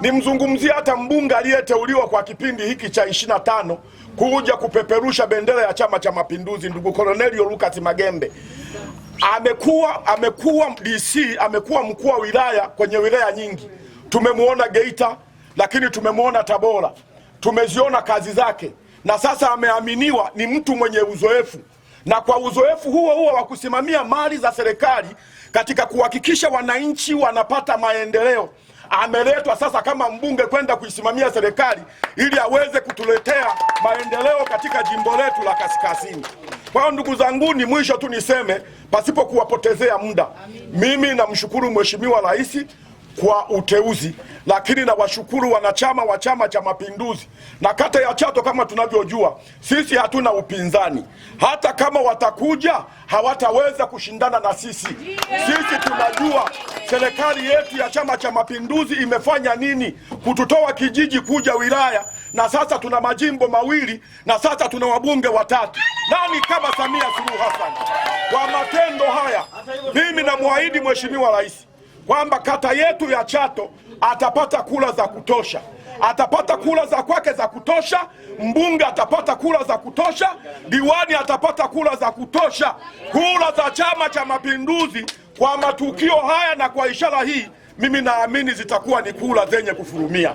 nimzungumzie hata mbunge aliyeteuliwa kwa kipindi hiki cha tano kuja kupeperusha bendera ya Chama cha Mapinduzi, ndugu Kolonelio lukas Magembe amekuwa amekuwa DC, amekuwa mkuu wa wilaya kwenye wilaya nyingi. Tumemwona Geita, lakini tumemwona Tabora, tumeziona kazi zake, na sasa ameaminiwa ni mtu mwenye uzoefu na kwa uzoefu huo huo wa kusimamia mali za serikali katika kuhakikisha wananchi wanapata maendeleo, ameletwa sasa kama mbunge kwenda kuisimamia serikali ili aweze kutuletea maendeleo katika jimbo letu la Kaskazini. Kwa hiyo ndugu zangu, ni mwisho tu niseme pasipo kuwapotezea muda, mimi namshukuru Mheshimiwa Rais kwa uteuzi, lakini na washukuru wanachama wa Chama cha Mapinduzi na kata ya Chato. Kama tunavyojua sisi hatuna upinzani, hata kama watakuja hawataweza kushindana na sisi. Sisi tunajua serikali yetu ya Chama cha Mapinduzi imefanya nini kututoa kijiji kuja wilaya, na sasa tuna majimbo mawili, na sasa tuna wabunge watatu. Nani kama Samia Suluhu Hassan? Kwa matendo haya, mimi namwahidi Mheshimiwa Rais kwamba kata yetu ya Chato atapata kura za kutosha, atapata kura za kwake za kutosha, mbunge atapata kura za kutosha, diwani atapata kura za kutosha, kura za Chama cha Mapinduzi. Kwa matukio haya na kwa ishara hii, mimi naamini zitakuwa ni kura zenye kufurumia.